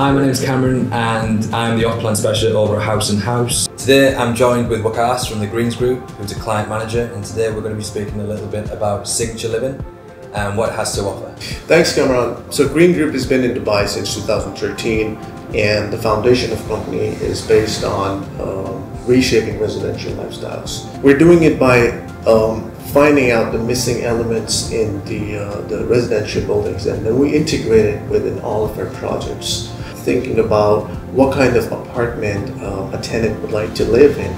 Hi, my name is Cameron and I'm the off-plan specialist over at House and House. Today I'm joined with Wakas from the Greens Group, who's a client manager, and today we're going to be speaking a little bit about signature living and what it has to offer. Thanks, Cameron. So Green Group has been in Dubai since 2013, and the foundation of the company is based on um, reshaping residential lifestyles. We're doing it by um, finding out the missing elements in the, uh, the residential buildings, and then we integrate it within all of our projects thinking about what kind of apartment um, a tenant would like to live in,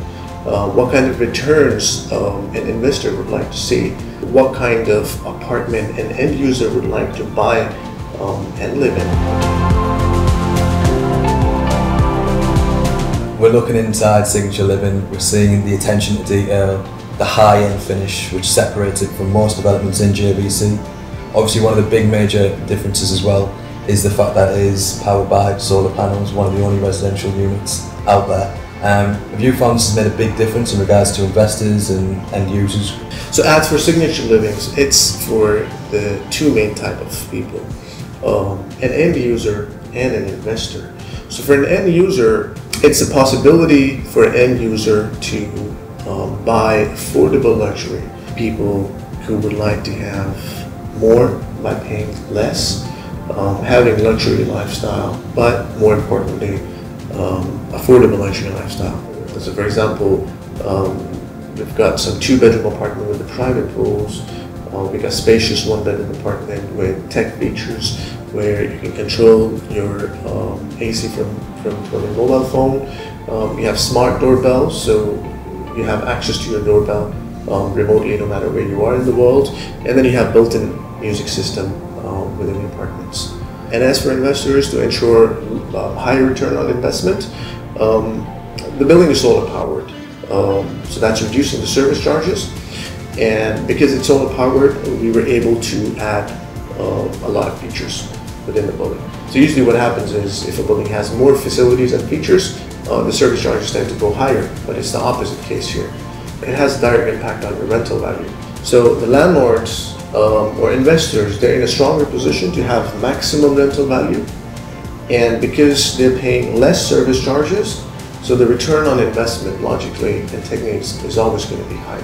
uh, what kind of returns um, an investor would like to see, what kind of apartment an end user would like to buy um, and live in. We're looking inside Signature Living, we're seeing the attention to detail, the high-end finish which separates it from most developments in JVC. Obviously one of the big major differences as well is the fact that it is powered by solar panels, one of the only residential units out there. Um, View Funds has made a big difference in regards to investors and end users. So as for Signature Livings, it's for the two main type of people, um, an end user and an investor. So for an end user, it's a possibility for an end user to um, buy affordable luxury. People who would like to have more by paying less um, having luxury lifestyle, but more importantly, um, affordable luxury lifestyle. So for example, um, we've got some two-bedroom apartment with the private pools, uh, we got spacious one-bedroom apartment with tech features where you can control your um, AC from, from, from your mobile phone. Um, you have smart doorbells, so you have access to your doorbell um, remotely no matter where you are in the world. And then you have built-in music system within the partners. And as for investors, to ensure uh, um, higher return on investment, um, the building is solar powered. Um, so that's reducing the service charges. And because it's solar powered, we were able to add um, a lot of features within the building. So usually what happens is if a building has more facilities and features, uh, the service charges tend to go higher, but it's the opposite case here. It has direct impact on your rental value. So the landlords um, or investors, they're in a stronger position to have maximum rental value. And because they're paying less service charges, so the return on investment logically and technically is always going to be higher.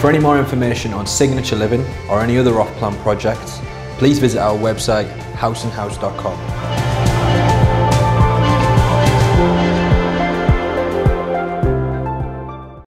For any more information on Signature Living or any other off-plan projects, please visit our website houseandhouse.com.